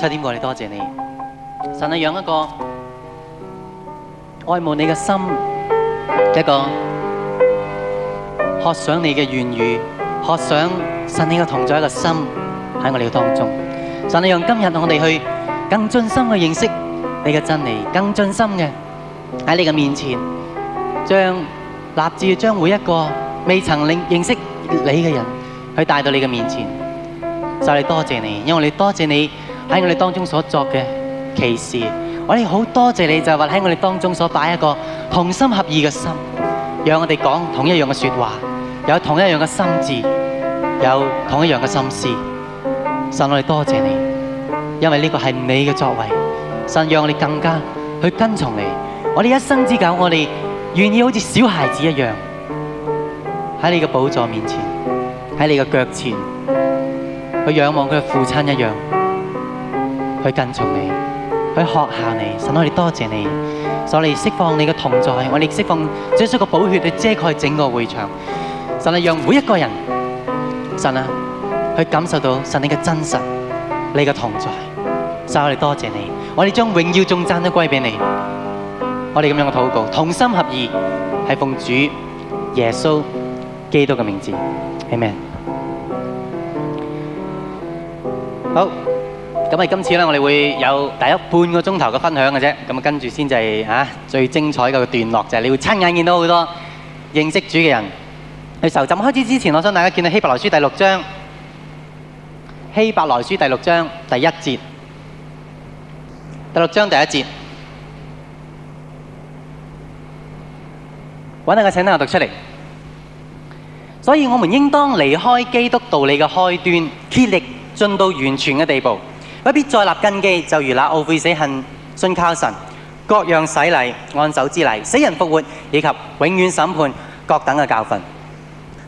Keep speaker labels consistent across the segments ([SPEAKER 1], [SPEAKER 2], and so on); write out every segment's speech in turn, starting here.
[SPEAKER 1] 七點過嚟，多謝你。神，你養一個愛慕你嘅心，一個學想你嘅言語，學想神你嘅同在一個心喺我哋嘅當中。神，你讓今日我哋去更盡心去認識你嘅真理，更盡心嘅喺你嘅面前，將立志將每一個未曾認識認識你嘅人去帶到你嘅面前。就係多謝你，因為我哋多謝你。喺我哋當中所作嘅奇事，我哋好多謝你，就話、是、喺我哋當中所擺一個同心合意嘅心，讓我哋講同一樣嘅說話，有同一樣嘅心智，有同一樣嘅心思。神，我哋多謝，謝你，因為呢個係你嘅作為。神，讓我哋更加去跟從你。我哋一生之久，我哋願意好似小孩子一樣，喺你嘅寶座面前，喺你嘅腳前，去仰望佢嘅父親一樣。去跟從你，去學效你。神，我哋多謝你，所以釋放你嘅同在。我哋釋放將出個寶血去遮蓋整個會場。神啊，讓每一個人，神啊，去感受到神你嘅真實，你嘅同在。神，我哋多謝你，我哋將榮耀頌讚都歸俾你。我哋咁樣嘅禱告，同心合意，係奉主耶穌基督嘅名字，阿門。好。咁啊！今次咧，我哋會有大概半個鐘頭嘅分享嘅啫。咁啊，跟住先就係啊，最精彩嘅段落就係你會親眼見到好多認識主嘅人。嚟受浸開始之前，我想大家見到希伯來書第六章，希伯來書第六章第一節，第六章第一節，揾下個請聽我讀出嚟。所以，我們應當離開基督道理嘅開端，竭力進到完全嘅地步。不必再立根基，就如那懊悔死恨、信靠神、各樣洗禮、按手之禮、死人復活以及永遠審判各等嘅教訓。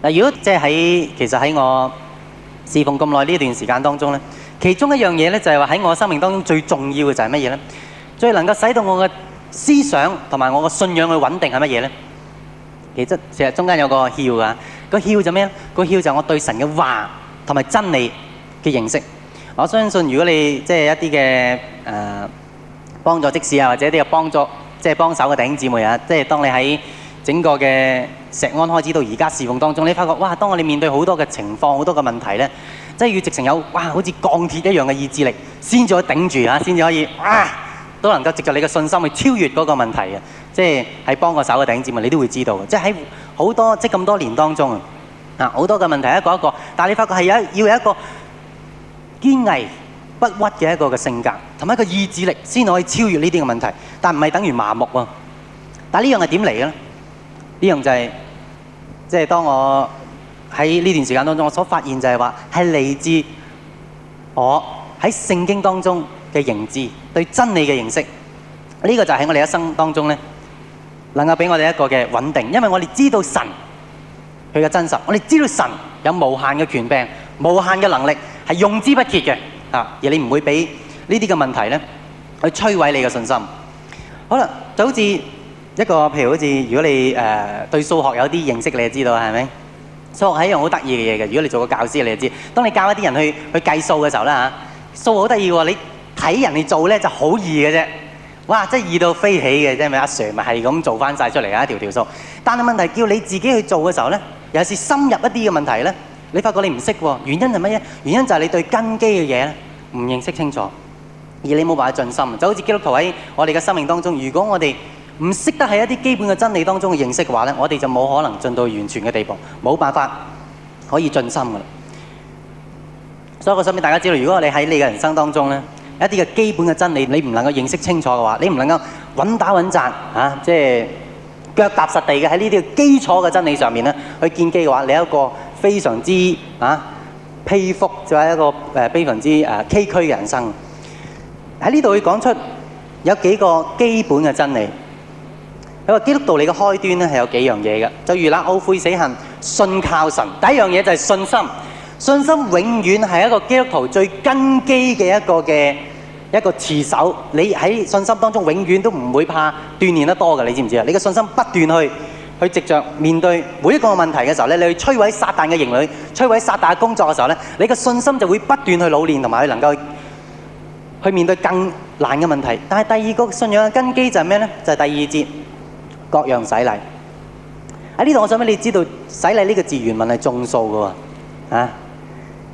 [SPEAKER 1] 嗱，如果即係喺其實喺我侍奉咁耐呢一段時間當中咧，其中一樣嘢咧就係話喺我生命當中最重要嘅就係乜嘢咧？最能夠使到我嘅思想同埋我嘅信仰去穩定係乜嘢咧？其實其實中間有個竅㗎，個竅就咩咧？個竅就我對神嘅話同埋真理嘅認識。我相信如果你即係一啲嘅，誒幫助即使啊，或者啲嘅幫助即係幫手嘅弟兄姊妹啊，即係當你喺整個嘅石安開始到而家試用當中，你發覺哇！當我哋面對好多嘅情況、好多嘅問題咧，即係要直情有哇，好似鋼鐵一樣嘅意志力先至可以頂住啊，先至可以啊，都能夠藉著你嘅信心去超越嗰個問題嘅。即係喺幫過手嘅弟兄姊妹，你都會知道嘅。即係喺好多即咁多年當中啊，好多嘅問題一個一個，但係你發覺係有要有一個。堅毅不屈嘅一個性格，同一個意志力，先可以超越呢啲嘅問題。但唔係等於麻木喎。但呢樣係點嚟嘅呢？呢樣就係即係當我喺呢段時間當中，我所發現就係話係嚟自我喺聖經當中嘅認知，對真理嘅認識。呢個就係我哋一生當中呢，能夠畀我哋一個嘅穩定，因為我哋知道神佢嘅真實，我哋知道神有無限嘅權柄、無限嘅能力。用之不竭嘅，啊！而你唔會俾呢啲嘅問題咧去摧毀你嘅信心。好啦，就好似一個譬如好似如果你誒、呃、對數學有啲認識，你就知道係咪？數學係一樣好得意嘅嘢嘅。如果你做過教師，你就知。當你教一啲人去去計數嘅時候咧嚇，數好得意喎！你睇人哋做咧就好易嘅啫，哇！真係易到飛起嘅，即係咪阿 Sir 咪係咁做翻晒出嚟啊，來一條條數。但係問題是叫你自己去做嘅時候咧，有時深入一啲嘅問題咧。你發覺你唔識喎，原因係乜嘢？原因就係你對根基嘅嘢唔認識清楚，而你冇辦法進心，就好似基督徒喺我哋嘅生命當中，如果我哋唔識得喺一啲基本嘅真理當中嘅認識嘅話咧，我哋就冇可能進到完全嘅地步，冇辦法可以進心嘅。所以我想俾大家知道，如果你喺你嘅人生當中呢，一啲嘅基本嘅真理你唔能夠認識清楚嘅話，你唔能夠穩打穩紮嚇，即係腳踏實地嘅喺呢啲基礎嘅真理上面呢，去建基嘅話，你有一個。非常之啊，悲福就係、是、一個誒、呃、非常之誒、呃、崎嶇嘅人生。喺呢度會講出有幾個基本嘅真理。你話基督道理嘅開端咧係有幾樣嘢嘅，就如啦懊悔、死行、信靠神。第一樣嘢就係信心，信心永遠係一個基督徒最根基嘅一個嘅一個持守。你喺信心當中永遠都唔會怕鍛鍊得多嘅，你知唔知啊？你嘅信心不斷去。去直着，面對每一個問題嘅時候你去摧毀撒旦嘅營壘，摧毀撒旦嘅工作嘅時候你嘅信心就會不斷去老練，同埋去能夠去面對更難嘅問題。但係第二個信仰嘅根基就係咩呢？就係、是、第二節各樣洗禮。喺呢度，我想俾你知道，洗禮呢個字原文係眾數嘅喎、啊，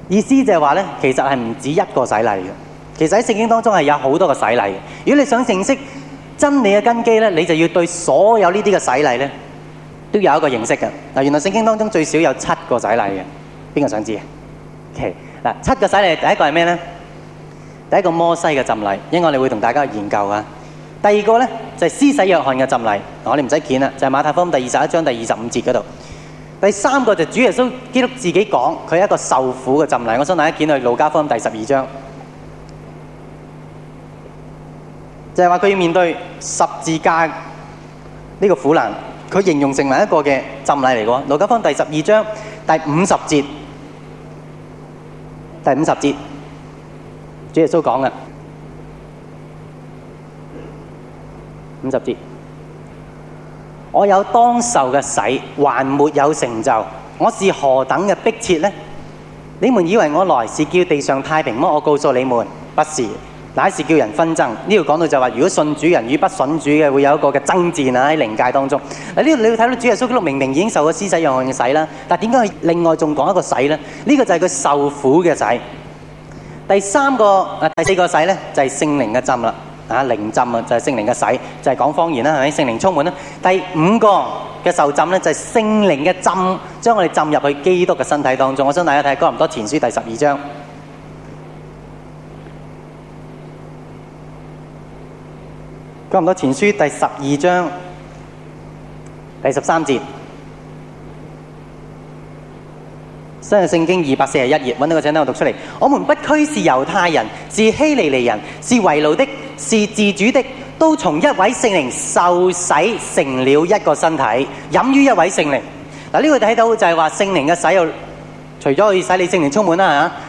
[SPEAKER 1] 意思就係話呢，其實係唔止一個洗禮嘅，其實喺聖經當中係有好多個洗禮。如果你想認識,識真理嘅根基呢，你就要對所有呢啲嘅洗禮呢。都有一個認識嘅。嗱，原來聖經當中最少有七個洗禮嘅，邊個想知啊？嗱，okay，七個洗禮第一個係咩咧？第一個摩西嘅浸禮，因為我哋會同大家研究啊。第二個咧就係、是、施洗約翰嘅浸禮，我哋唔使見啦，就係、是、馬太福音第二十一章第二十五節嗰度。第三個就是主耶穌基督自己講，佢係一個受苦嘅浸禮，我想大家見去路加福音第十二章，就係話佢要面對十字架呢個苦難。佢形容成為一個嘅浸禮嚟嘅，路加福音第十二章第五十節，第五十節，主耶穌講嘅五十節，我有當受嘅洗還沒有成就，我是何等嘅迫切呢？你們以為我來是叫地上太平麼？我告訴你們，不是。乃是叫人紛爭，呢度講到就話，如果信主人與不信主嘅，會有一個嘅爭戰啊喺靈界當中。這呢你要睇到主耶穌基督明明已經受過施洗約翰嘅洗，洗但係點解佢另外仲講一個洗呢？呢個就係佢受苦嘅洗。第三個、第四個洗咧，就係聖靈嘅浸啦，啊靈浸就係聖靈嘅洗，就係講方言啦，係咪聖靈充滿，第五個嘅受浸就係聖靈嘅浸，將我哋浸入去基督嘅身體當中。我想大家睇《哥林多前書》第十二章。《哥林多前書》第十二章第十三節，新約聖經二百四十一頁，搵到個請單我讀出嚟。我們不拘是猶太人，是希利尼人，是為奴的，是自主的，都從一位聖靈受洗成了一個身體，飲於一位聖靈。嗱，呢度睇到就係話聖靈嘅洗又，除咗可以使你聖靈充滿啦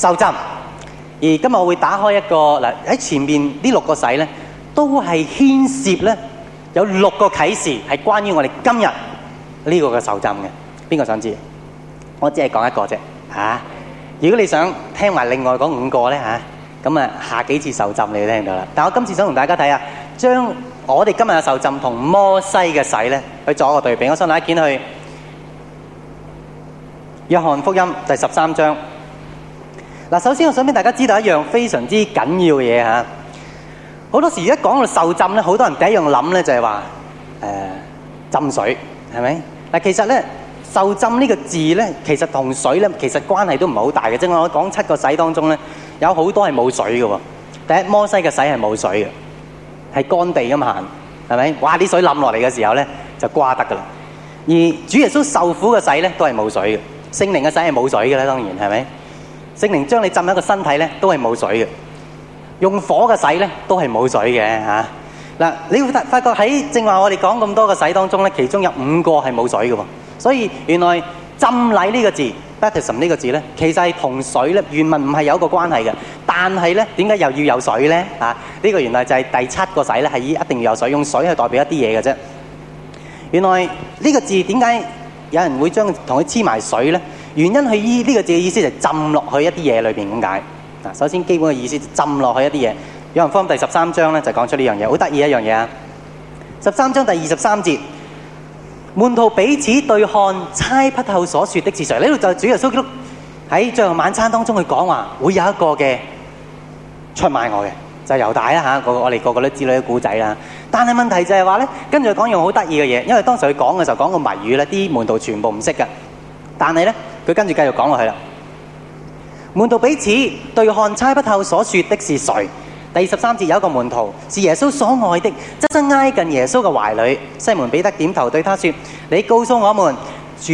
[SPEAKER 1] 受浸，而今日我會打開一個嗱喺前面呢六個洗禮，都係牽涉咧有六個啟示係關於我哋今日呢個嘅受浸嘅。邊個想知？我只係講一個啫，吓！如果你想聽埋另外嗰五個咧吓，咁啊下幾次受浸你聽到啦。但係我今次想同大家睇下，將我哋今日嘅受浸同摩西嘅洗禮去做一個對比。我手提件去《約翰福音》第十三章。嗱，首先我想俾大家知道一樣非常之緊要嘅嘢嚇。好多時一講到受浸咧，好多人第一樣諗咧就係話誒浸水係咪？嗱，其實咧受浸呢個字咧，其實同水咧其實關係都唔係好大嘅。即係我講七個洗當中咧，有好多係冇水嘅。第一摩西嘅洗係冇水嘅，係乾地咁行，係咪？哇！啲水冧落嚟嘅時候咧，就瓜得㗎啦。而主耶穌受苦嘅洗咧，都係冇水嘅。聖靈嘅洗係冇水嘅啦，當然係咪？聖靈將你浸喺一個身體呢，都係冇水嘅；用火嘅洗呢，都係冇水嘅㗎。嗱，啊，你會發覺喺正話我哋講咁多嘅洗當中呢，其中有五個係冇水嘅。所以原來浸禮呢個字，Baptism 呢個字呢，其實係同水呢，原文唔係有一個關係嘅。但係呢，點解又要有水呢？啊，呢、這個原來就係第七個洗呢，係一定要有水，用水係代表一啲嘢嘅啫。原來呢個字點解有人會將同佢黐埋水呢？原因係呢個字嘅意思就係浸落去一啲嘢裏面。咁解。首先基本嘅意思就浸落去一啲嘢。約翰福音第十三章咧就講出呢樣嘢，好得意一樣嘢啊！十三章第二十三節，門徒彼此對看，猜不透所說的係誰。呢度就是主耶穌喺最後晚餐當中去講話，會有一個嘅出賣我嘅，就猶大啦。我哋個個都知呢啲故仔啦。但係問題就係話呢，跟住講一樣好得意嘅嘢，因為當時佢講嘅時候講個謎語呢，啲門徒全部唔識嘅。但係呢。佢跟住繼續講落去啦。門徒彼此對看，猜不透所說的是誰。第十三節有一個門徒是耶穌所愛的，側身挨近耶穌的懷裏。西門彼得點頭對他說：你告訴我們，主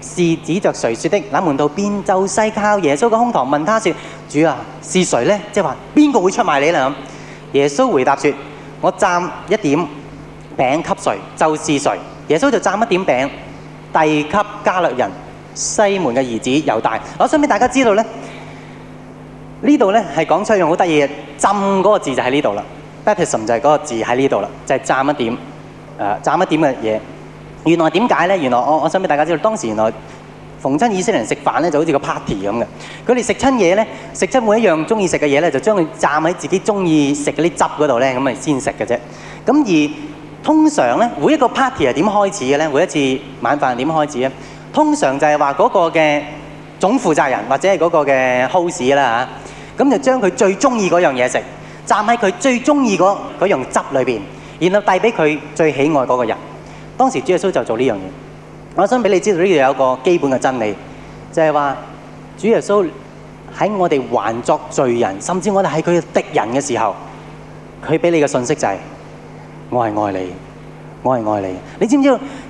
[SPEAKER 1] 是指着誰說的？那門徒便就勢靠耶穌的胸膛，問他說：主啊，是誰呢？即係話邊個會出賣你啦？耶穌回答說：我蘸一點餅,餅給誰，就是誰。耶穌就蘸一點餅，遞給加略人。西門嘅兒子猶大，我想俾大家知道咧，呢度咧係講出一樣好得意嘅，浸嗰個字就喺呢度啦。Baptism 就係嗰個字喺呢度啦，就係浸一點，誒浸一點嘅嘢。原來點解咧？原來我我想俾大家知道，當時原來逢親以色列人食飯咧，就好似個 party 咁嘅。佢哋食親嘢咧，食親每一樣中意食嘅嘢咧，就將佢浸喺自己中意食嗰啲汁嗰度咧，咁咪先食嘅啫。咁而通常咧，每一個 party 係點開始嘅咧？每一次晚飯點開始呢？通常就係話嗰個嘅總負責人或者係嗰個嘅 house 啦嚇，咁就將佢最中意嗰樣嘢食，站喺佢最中意嗰樣汁裏邊，然後遞俾佢最喜愛嗰個人。當時主耶穌就做呢樣嘢。我想俾你知道呢度有一個基本嘅真理，就係話主耶穌喺我哋還作罪人，甚至我哋係佢敵人嘅時候，佢俾你嘅信息就係：我係愛你，我係愛你。你知唔知道？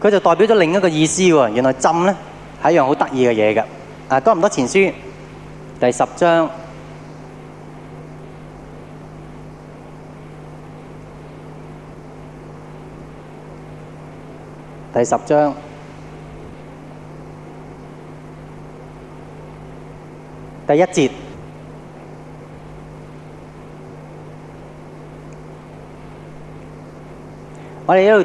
[SPEAKER 1] 佢就代表咗另一個意思喎，原來浸呢係一樣好得意嘅嘢嘅。啊，哥林多前書第十章，第十章第一節，我哋要。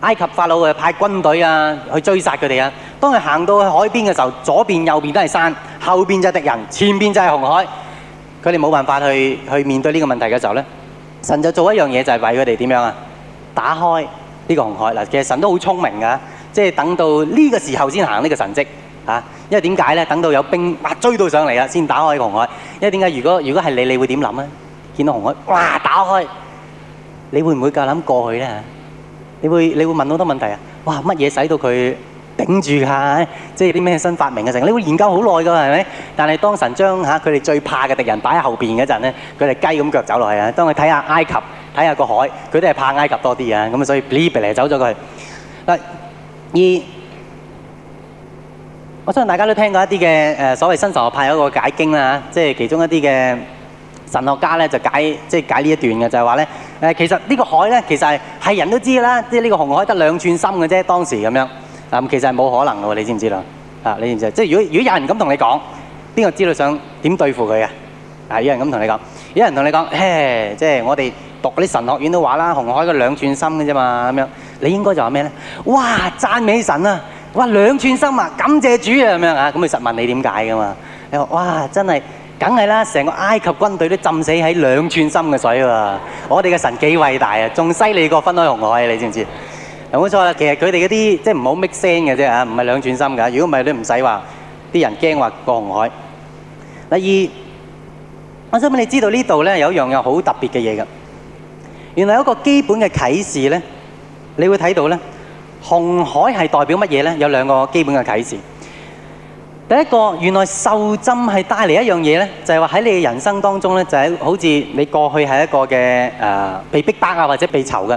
[SPEAKER 1] 埃及法老啊派軍隊啊去追殺佢哋啊，當佢行到去海邊嘅時候，左邊右邊都係山，後邊就係敵人，前邊就係紅海，佢哋冇辦法去去面對呢個問題嘅時候咧，神就做一樣嘢就係為佢哋點樣啊，打開呢個紅海嗱，其實神都好聰明噶，即係等到呢個時候先行呢個神迹啊，因為點解咧？等到有兵哇追到上嚟啦，先打開紅海，因為點解？如果如果係你，你會點諗咧？見到紅海哇打開，你會唔會夠膽過去咧？你會你會問好多問題啊！哇，乜嘢使到佢頂住啊？即係啲咩新發明嘅成？你會研究好耐㗎，係咪？但係當神將他佢哋最怕嘅敵人擺喺後面嗰陣，他佢哋雞咁腳走落去啊！當佢睇下埃及，睇下個海，佢都係怕埃及多啲啊！咁所以嗶哩嗶哩走咗過去。二，我相信大家都聽過一啲嘅所謂新神學派的一個解經啦，即係其中一啲嘅。神學家呢就解、即係、解呢一段嘅，就係、是、話其實呢個海呢，其實係人都知噶啦，即係呢個紅海得兩寸深嘅啫，當時咁樣其實係冇可能嘅喎，你知唔知道？啊，你知唔知道？即係如，如果有人咁同你講，邊個知道想點對付佢啊？有人咁同你講，有人同你講，嘿即係、即係、我哋讀嗰啲神學院都話啦，紅海得兩寸深嘅嘛，咁樣你應該就話咩呢？「哇，讚美神啊！哇，兩寸深啊，感謝主啊，咁樣啊，佢實問你點解嘅嘛？你話哇，真係～梗係啦，成個埃及軍隊都浸死喺兩寸深嘅水喎！我哋嘅神幾偉大啊，仲犀利過分開紅海啊！你知唔知？冇錯啦，其實佢哋嗰啲即係唔好 make 聲嘅啫嚇，唔係兩寸深㗎。如果唔係，你唔使話啲人驚話過紅海。第二，我想俾你知道呢度咧有一樣嘢好特別嘅嘢㗎。原來有一個基本嘅啟示咧，你會睇到咧，紅海係代表乜嘢咧？有兩個基本嘅啟示。第一個，原來受浸係帶嚟一樣嘢咧，就係話喺你嘅人生當中咧，就喺、是、好似你過去係一個嘅誒、呃、被逼迫啊或者被囚嘅，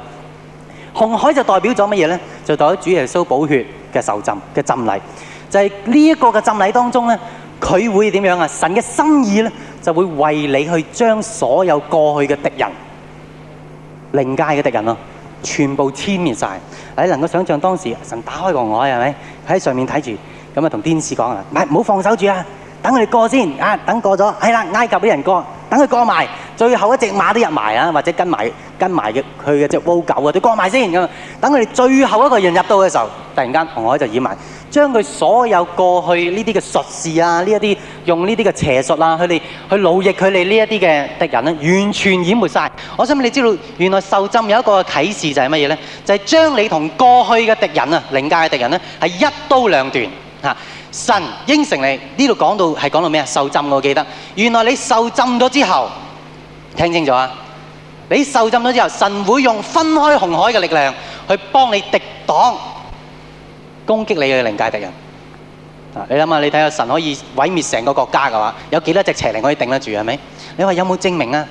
[SPEAKER 1] 紅海就代表咗乜嘢咧？就代表主耶穌寶血嘅受的浸嘅浸禮，就係呢一個嘅浸禮當中咧，佢會點樣啊？神嘅心意咧就會為你去將所有過去嘅敵人、靈界嘅敵人啊，全部殲滅晒。你能夠想象當時神打開紅海係咪？喺上面睇住。咁啊，同天使講啊，唔係唔好放手住啊，等佢哋過先啊，等過咗，係啦，埃及啲人過，等佢過埋，最後一隻馬都入埋啊，或者跟埋跟埋嘅佢嘅隻烏狗啊，都過埋先咁啊，等佢哋最後一個人入到嘅時候，突然間紅海就淹埋，將佢所有過去呢啲嘅術士啊，呢一啲用呢啲嘅邪術啊，佢哋去奴役佢哋呢一啲嘅敵人咧，完全淹沒曬。我想你知道，原來受浸有一個啟示就係乜嘢咧？就係將你同過去嘅敵人啊，歷屆嘅敵人咧，係一刀兩斷。嚇！神應承你呢度講到係講到咩啊？受浸我記得，原來你受浸咗之後，聽清楚啊？你受浸咗之後，神會用分開紅海嘅力量去幫你敵擋攻擊你嘅靈界敵人。啊！你諗下，你睇下神可以毀滅成個國家嘅話，有幾多隻邪靈可以頂得住啊？係咪？你話有冇證明啊？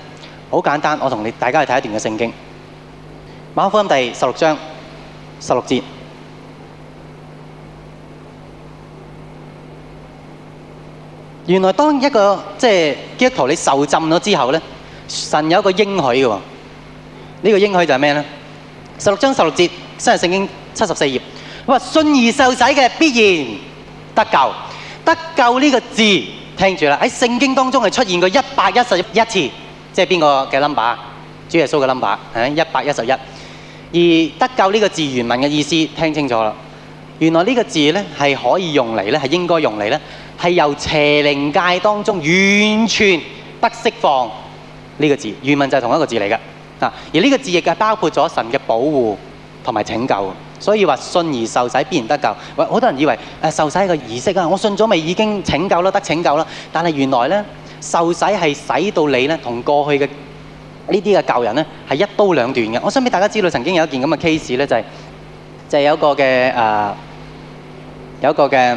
[SPEAKER 1] 好簡單，我同你大家去睇一段嘅聖經。馬可福音第十六章十六節。原來當一個即係基督徒你受浸咗之後咧，神有一個應許嘅，呢個應許就係咩咧？十六章十六節，新約聖經七十四頁，話信而受洗嘅必然得救。得救呢個字，聽住啦，喺聖經當中係出現過一百一十一次，即係邊個嘅 number？主耶穌嘅 number，係一百一十一。而得救呢個字原文嘅意思，聽清楚啦。原來呢個字咧係可以用嚟咧，係應該用嚟咧。係由邪靈界當中完全得釋放，呢個字，原文就係同一個字嚟嘅。啊，而呢個字亦係包括咗神嘅保護同埋拯救，所以話信而受洗必然得救。好多人以為受洗係個儀式啊，我信咗咪已經拯救咯，得拯救咯。但係原來呢，受洗係使到你呢同過去嘅呢啲嘅舊人呢係一刀兩斷嘅。我想俾大家知道，曾經有一件咁嘅 case 就係、係、就係、係、有一個嘅有一個嘅。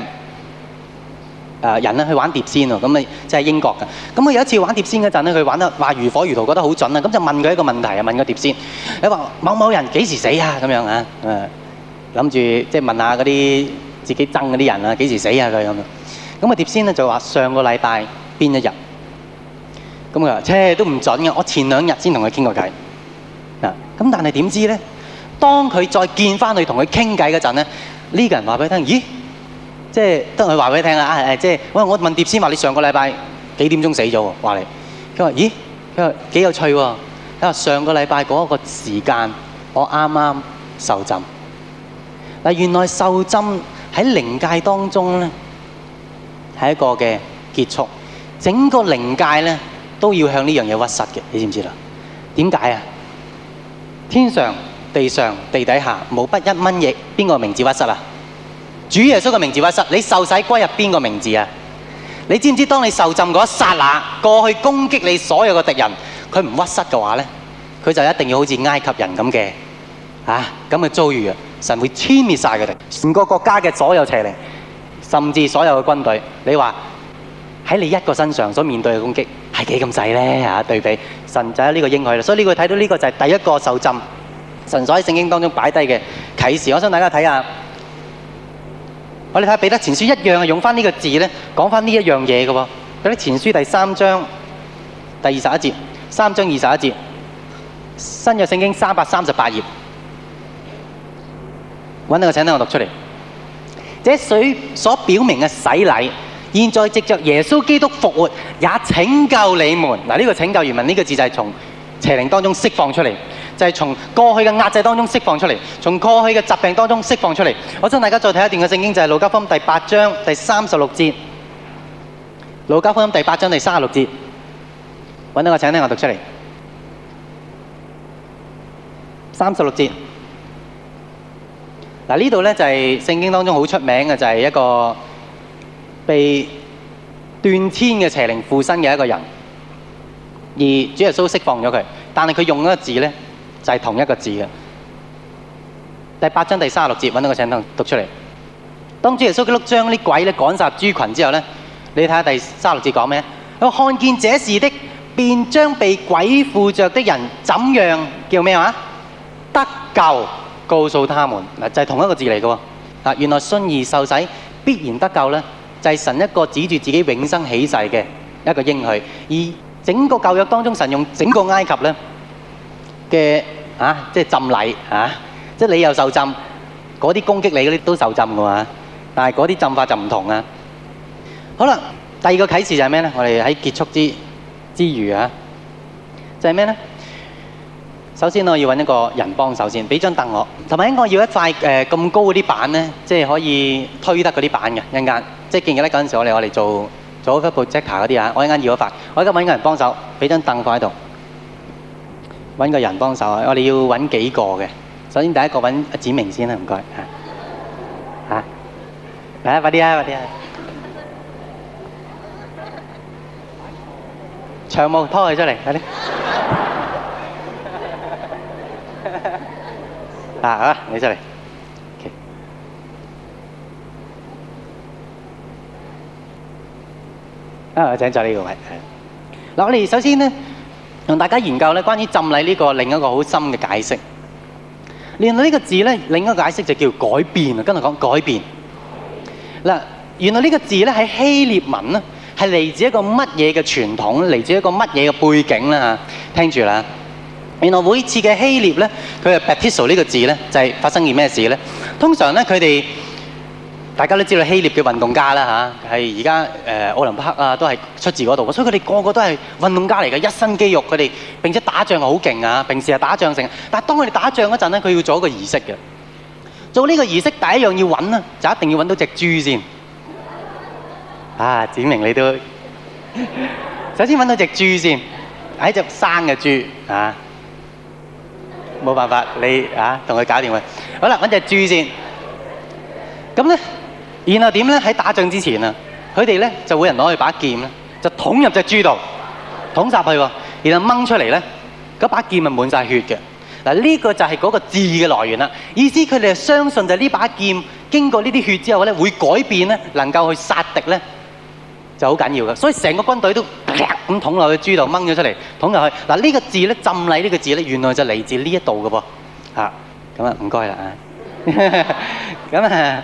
[SPEAKER 1] 啊人咧去玩碟仙哦，咁咪即係英國嘅。咁佢有一次玩碟仙嗰陣咧，佢玩得話如火如荼，覺得好準啦。咁就問佢一個問題啊，問個碟仙，你話某某人幾時死啊？咁樣啊，誒諗住即係問下嗰啲自己憎嗰啲人啊，幾時死啊佢咁樣。咁啊碟仙咧就話上個禮拜邊一日？咁佢話：，車都唔準嘅，我前兩日先同佢傾過偈。啊，咁但係點知咧？當佢再見翻去同佢傾偈嗰陣咧，呢個人話俾佢聽：，咦？即係得我話俾你聽啦啊，誒，即係喂，我問碟仙，話你上個禮拜幾點鐘死咗喎，話你。佢話，咦，佢話幾有趣喎，佢話上個禮拜嗰一個時間我啱啱受浸。嗱，原來受浸喺靈界當中咧，係一個嘅結束，整個靈界咧，都要向呢樣嘢屈膝嘅。你知唔知啦點解啊，天上地上地底下，冇不一蚊翼邊個名字屈膝啊？主耶穌嘅名字屈膝，你受洗歸入邊個名字啊？你知唔知當你受浸嗰一刹那，過去攻擊你所有嘅敵人，佢唔屈膝嘅話咧，佢就一定要好似埃及人咁嘅啊，咁嘅遭遇啊！神會殲滅晒佢哋，全個國,國家嘅所有邪靈，甚至所有嘅軍隊。你話喺你一個身上所面對嘅攻擊係幾咁細咧？吓對比神就喺呢個應許啦，所以呢個睇到呢個就係第一個受浸神所喺聖經當中擺低嘅啟示。我想大家睇下。我哋睇下彼得前書一樣啊，用翻呢個字咧，講翻呢一樣嘢嘅。彼得前書第三章第二十一節，三章二十一節，新約聖經三百三十八頁，揾到個請聽我讀出嚟。這水所表明嘅洗禮，現在藉着耶穌基督復活，也拯救你們。嗱，呢個拯救原文呢個字就係從邪靈當中釋放出嚟。就係從過去嘅壓制當中釋放出嚟，從過去嘅疾病當中釋放出嚟。我想大家再睇一段嘅聖經，就係、是《路加福音》第八章第三十六節，《路加福音》第八章第三十六節，搵到個請聽我讀出嚟。三十六節，嗱，呢度咧就係聖經當中好出名嘅，就係、是、一個被斷天嘅邪靈附身嘅一個人，而主耶穌釋放咗佢，但係佢用嗰個字呢。就係同一個字嘅。第八章第三十六節，揾到個請讀出嚟。當主耶穌基督將啲鬼咧趕殺豬羣之後咧，你睇下第三十六節講咩？佢看見這事的，便將被鬼附著的人怎樣叫咩話？得救，告訴他們嗱，就係同一個字嚟嘅喎。啊，原來信而受洗必然得救咧，就係神一個指住自己永生起誓嘅一個應許。而整個舊約當中，神用整個埃及咧。嘅啊，即係浸禮啊，即係你又受浸，嗰啲攻擊你嗰啲都受浸㗎嘛。但係嗰啲浸法就唔同啊。好啦，第二個啟示就係咩咧？我哋喺結束之之餘啊，就係咩咧？首先我要揾一個人幫手先，俾張凳我。同埋我要一塊誒咁高嗰啲板咧，即係可以推得嗰啲板嘅。一陣間即係記唔記得嗰陣時，我哋我哋做做嗰一步 projector 嗰啲啊，我一陣間要一塊，我依家揾個人幫手，俾張凳放喺度。揾個人幫手啊！我哋要揾幾個嘅。首先第一個揾阿子明先啦，唔該嚇嚇，嚟啦快啲啦快啲啊！長毛拖佢出嚟，即嚟快啲！啊好，你出嚟，啊請坐呢個位。嗱，我哋首先咧。同大家研究咧，關於浸禮呢個另一個好深嘅解釋。原來呢個字咧，另一個解釋就叫改變啊。跟住講改變。嗱，原來呢個字咧喺希臘文咧，係嚟自一個乜嘢嘅傳統，嚟自一個乜嘢嘅背景啦嚇。聽住啦。原來每次嘅希臘咧，佢係 Baptizo 呢個字咧，就係、是、發生件咩事咧？通常咧，佢哋大家都知道希臘嘅運動家啦吓，係而家誒奧林匹克啊都係出自嗰度，所以佢哋個個都係運動家嚟嘅，一身肌肉佢哋，並且打仗係好勁啊，平時係打仗成，但係當佢哋打仗嗰陣咧，佢要做一個儀式嘅，做呢個儀式第一樣要揾啊，就一定要揾到隻豬先。啊，展明你都首先揾到隻豬先，係一隻生嘅豬啊，冇辦法你啊同佢搞掂佢，好啦揾隻豬先，咁咧。然後點呢？喺打仗之前啊，佢哋呢就會人攞去把劍呢，就捅入隻豬度，捅入去喎。然後掹出嚟呢，嗰把劍咪滿晒血嘅。嗱，呢個就係嗰個字嘅來源啦。意思佢哋係相信就呢把劍經過呢啲血之後呢，會改變呢，能夠去殺敵呢，就好緊要嘅。所以成個軍隊都咁捅落去豬度掹咗出嚟，捅入去。嗱，呢、呢個字呢，浸禮呢個字呢，原來就嚟自呢一度嘅噃。嚇，咁啊唔該啦咁啊。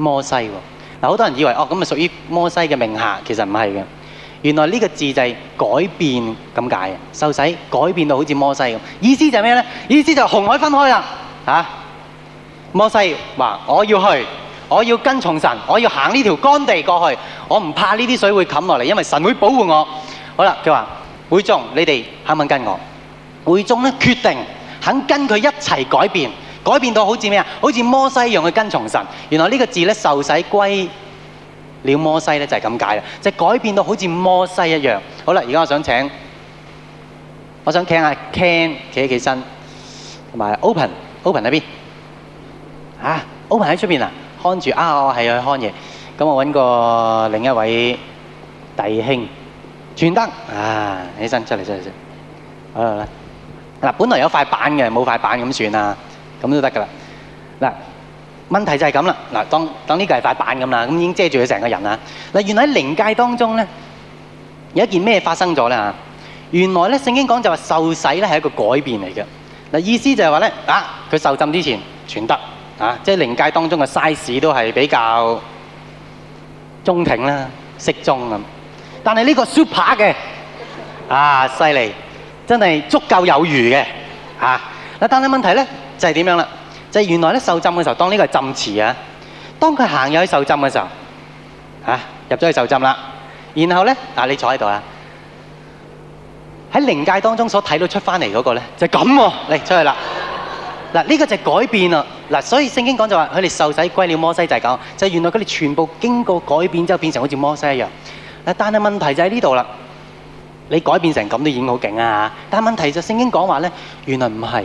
[SPEAKER 1] 摩西嗱，好多人以為哦咁啊屬於摩西嘅名下，其實唔係嘅。原來呢個字就係改變咁解，受洗改變到好似摩西咁。意思就係咩咧？意思就係紅海分開啦嚇。摩西話：我要去，我要跟從神，我要行呢條乾地過去，我唔怕呢啲水會冚落嚟，因為神會保護我。好啦，佢話會眾，你哋肯唔肯跟我？會眾咧決定肯跟佢一齊改變。改變到好似咩啊？好似摩西一樣去跟從神。原來呢個字咧，受洗歸了摩西咧，就係咁解啦。就改變到好似摩西一樣。好啦，而家我想請，我想請阿 Ken 企起身，同埋 Open，Open 喺邊？嚇，Open 喺出邊啊？看住啊，我係去看嘢。咁我揾個另一位弟兄，全德啊，起身出嚟，出嚟，出嚟。嗱，本來有塊板嘅，冇塊板咁算啊。咁都得噶啦。嗱，問題就係咁啦。嗱，當當呢個係塊板咁啦，咁已經遮住佢成個人啦。嗱，原來喺靈界當中咧，有一件咩發生咗咧啊？原來咧，聖經講就話受洗咧係一個改變嚟嘅。嗱，意思就係話咧，啊，佢受浸之前全得啊，即係靈界當中嘅 size 都係比較中庭啦，適中咁。但係呢個 super 嘅啊，犀利，真係足夠有餘嘅啊。嗱，但係問題咧。就是點樣啦？就是，原來受浸嘅時候，當呢個係浸池啊，當佢行入去受浸嘅時候，入，啊、咗去受浸啦，然後呢，你坐喺度啊，喺靈界當中所睇到出返嚟嗰個咧，啊，就係咁喎。嚟出去啦！嗱，呢個就是改變啊！嗱，所以聖經講就話佢哋受洗歸了摩西就是這樣，就係講就原來佢哋全部經過改變之後，變成好似摩西一樣。但係問題就喺呢度啦。你改變成咁都已經好勁啊！但係問題就聖經講話呢，原來唔係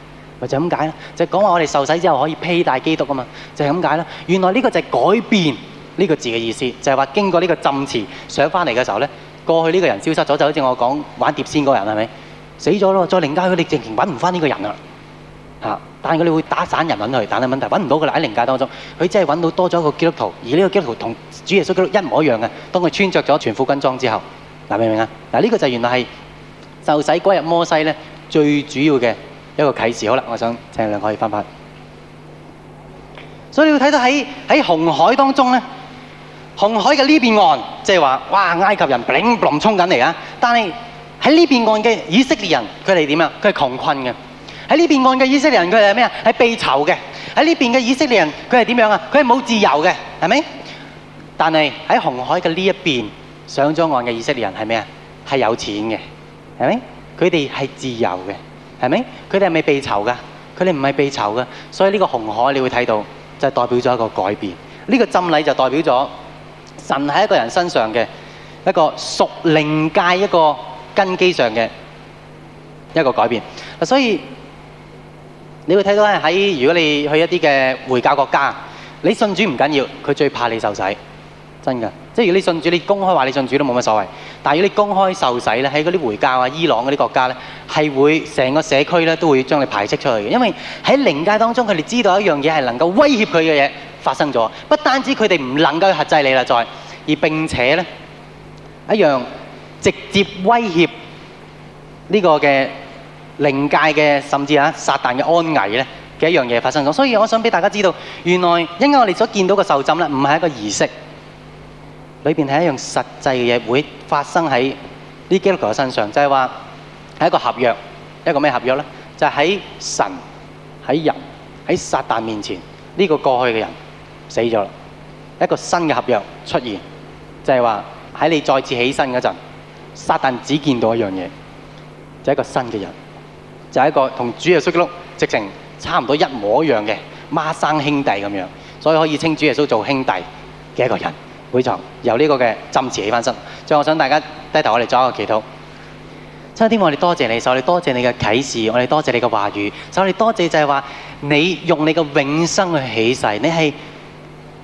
[SPEAKER 1] 咪就係咁解咧，就係講話我哋受洗之後可以披戴基督啊嘛，就係咁解啦。原來呢個就係改變呢個字嘅意思，就係、是、話經過呢個浸池上翻嚟嘅時候咧，過去呢個人消失咗，就好似我講玩碟仙嗰人係咪死咗咯？再靈界佢哋正然揾唔翻呢個人啊！嚇，但係佢哋會打散人揾佢，打散揾，但係揾唔到佢，賴喺靈界當中，佢真係揾到多咗一個基督徒，而呢個基督徒同主耶穌基督一模一樣嘅。當佢穿着咗全副軍裝之後，嗱明唔明啊？嗱、這、呢個就係原來係受洗嗰日摩西咧最主要嘅。一個啟示，好啦，我想請兩位翻翻。所以你要睇到喺喺紅海當中呢，紅海嘅呢邊岸，即係話，哇，埃及人 boom boom 衝緊嚟啊！但係喺呢邊岸嘅以色列人，佢哋點啊？佢係窮困嘅。喺呢邊岸嘅以色列人，佢係咩啊？係被囚嘅。喺呢邊嘅以色列人，佢係點樣啊？佢係冇自由嘅，係咪？但係喺紅海嘅呢一邊上咗岸嘅以色列人係咩啊？係有錢嘅，係咪？佢哋係自由嘅。係咪？佢哋係咪被囚㗎？佢哋唔係被囚㗎，所以呢個紅海你會睇到，就代表咗一個改變。呢個浸禮就代表咗神喺一個人身上嘅一個屬靈界一個根基上嘅一個改變。所以你會睇到呢，喺如果你去一啲嘅回教國家，你信主唔緊要，佢最怕你受洗。真㗎，即係如果你信主，你公開話你信主都冇乜所謂。但係如果你公開受洗咧，喺嗰啲回教啊、伊朗嗰啲國家咧，係會成個社區咧都會將你排斥出去嘅，因為喺靈界當中，佢哋知道有一樣嘢係能夠威脅佢嘅嘢發生咗，不單止佢哋唔能夠克制你啦，再而並且咧一樣直接威脅呢個嘅靈界嘅，甚至乎撒但嘅安危咧嘅一樣嘢發生咗。所以我想俾大家知道，原來因為我哋所見到嘅受浸咧，唔係一個儀式。裏邊係一樣實際嘅嘢，會發生喺呢幾粒嘅身上，就係話係一個合約，一個咩合約咧？就喺、是、神喺人喺撒旦面前，呢、這個過去嘅人死咗啦，一個新嘅合約出現，就係話喺你再次起身嗰陣，撒旦只見到的一樣嘢，就係、是、一個新嘅人，就係、是、一個同主耶穌直情差唔多一模一樣嘅孖生兄弟咁樣，所以可以稱主耶穌做兄弟嘅一個人。會場由呢個嘅浸池起翻身，最後我想大家低頭，我哋做一個祈禱。秋天，我哋多謝你，神，我哋多謝你嘅啟示，我哋多謝你嘅話語，神，我哋多謝就係話你用你嘅永生去起誓，你係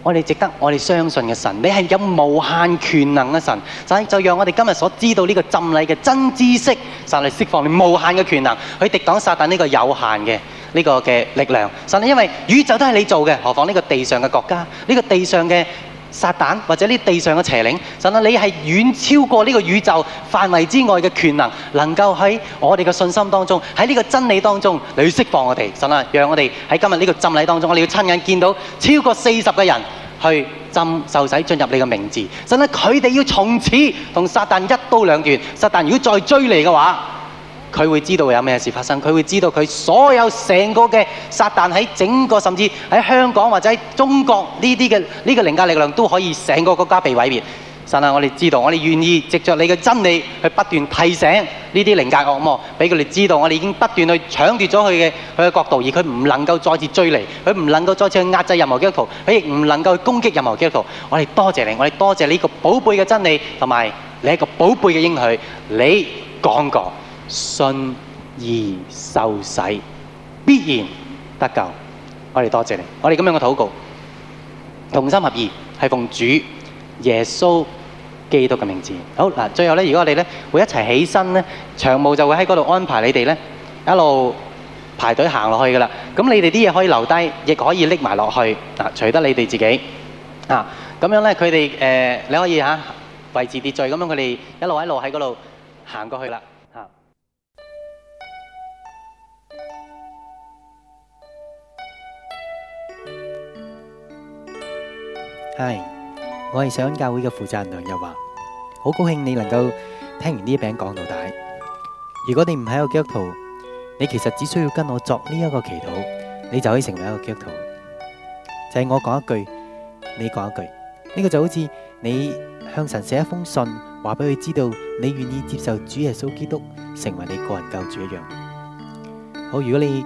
[SPEAKER 1] 我哋值得我哋相信嘅神，你係有無限權能嘅神。神就讓我哋今日所知道呢個浸禮嘅真知識，神嚟釋放你無限嘅權能去敵擋撒但呢個有限嘅呢、這個嘅力量。神，因為宇宙都係你做嘅，何況呢個地上嘅國家，呢、這個地上嘅。撒旦或者呢地上嘅邪靈，神啊！你係遠超過呢個宇宙範圍之外嘅權能，能夠喺我哋嘅信心當中，喺呢個真理當中，你要釋放我哋，神啊！讓我哋喺今日呢個浸禮當中，我哋要親眼見到超過四十個人去浸受洗，進入你嘅名字，神啊！佢哋要從此同撒旦一刀兩斷，撒旦如果再追嚟嘅話。佢會知道有咩事發生，佢會知道佢所有成個嘅撒旦喺整個，甚至喺香港或者中國呢啲嘅呢個靈界力量都可以成個國家被毀滅。神啊，我哋知道，我哋願意藉着你嘅真理去不斷提醒呢啲靈界惡魔，俾佢哋知道我哋已經不斷去搶奪咗佢嘅佢嘅國度，而佢唔能夠再次追嚟，佢唔能夠再次壓制任何基督徒，佢亦唔能夠攻擊任何基督徒。我哋多謝你，我哋多謝你這個寶貝嘅真理，同埋你一個寶貝嘅應許。你講過。信而受洗，必然得救。我哋多謝你，我哋咁樣嘅禱告，同心合意，係奉主耶穌基督嘅名字。好嗱，最後咧，如果我哋咧會一齊起身咧，長務就會喺嗰度安排你哋咧一路排隊行落去噶啦。咁你哋啲嘢，可以留低，亦可以拎埋落去嗱，除得你哋自己啊。咁樣咧，佢哋誒，你可以吓維持秩序，咁樣佢哋一路一路喺嗰度行過去啦。嗨，Hi，我係錫安教會嘅負責人梁日華，好高興你能夠聽完呢一餅講道帶。如果你唔係一個基督徒，你其實只需要跟我作呢一個祈禱，你就可以成為一個基督徒。就係、是、我講一句，你講一句，呢、這個就好似你向神寫一封信，話俾佢知道你願意接受主耶穌基督成為你個人救主一樣。好，如果你。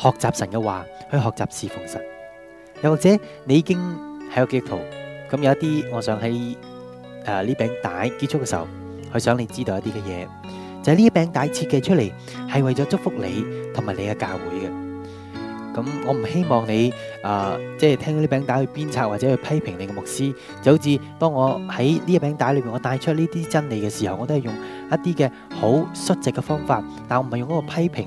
[SPEAKER 1] 學習神嘅話，去學習侍奉神。又或者你已經喺個基督徒，咁有一啲，我想喺誒呢餅帶結束嘅時候，去想你知道一啲嘅嘢，就係呢一餅帶設計出嚟係為咗祝福你同埋你嘅教會嘅。咁我唔希望你誒，即、呃、係、就是、聽呢餅帶去鞭策或者去批評你嘅牧師。就好似當我喺呢一餅帶裏邊，我帶出呢啲真理嘅時候，我都係用一啲嘅好率直嘅方法，但我唔係用嗰個批評，